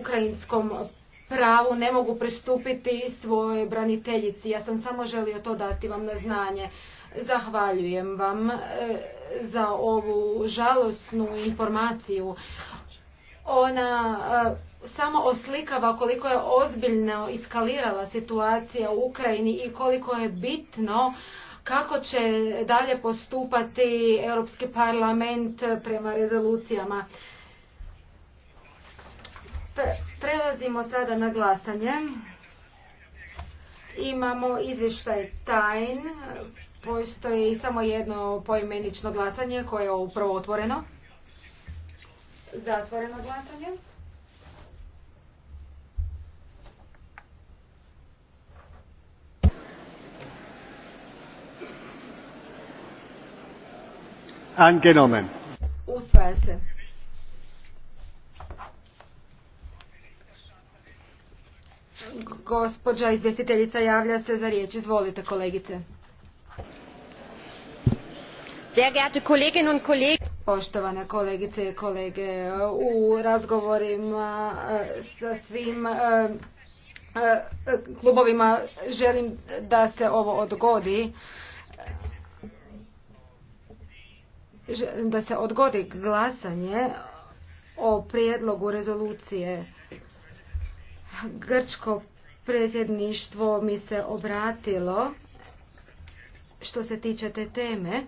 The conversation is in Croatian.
ukrajinskom pravu ne mogu pristupiti svojoj braniteljici. Ja sam samo želio to dati vam na znanje. Zahvaljujem vam e, za ovu žalosnu informaciju. Ona e, samo oslikava koliko je ozbiljno iskalirala situacija u Ukrajini i koliko je bitno kako će dalje postupati Europski parlament prema rezolucijama. Prelazimo sada na glasanje. Imamo izvještaj tajn. Postoji samo jedno poimenično glasanje koje je upravo otvoreno. Zatvoreno glasanje. Angenommen. Usvaja se. Gospođa izvjestiteljica javlja se za riječ. Izvolite kolegice. Poštovane kolegice i kolege, u razgovorima eh, sa svim eh, eh, klubovima želim da se ovo odgodi. da se odgodi glasanje o prijedlogu rezolucije Grčko predsjedništvo mi se obratilo što se tiče te teme.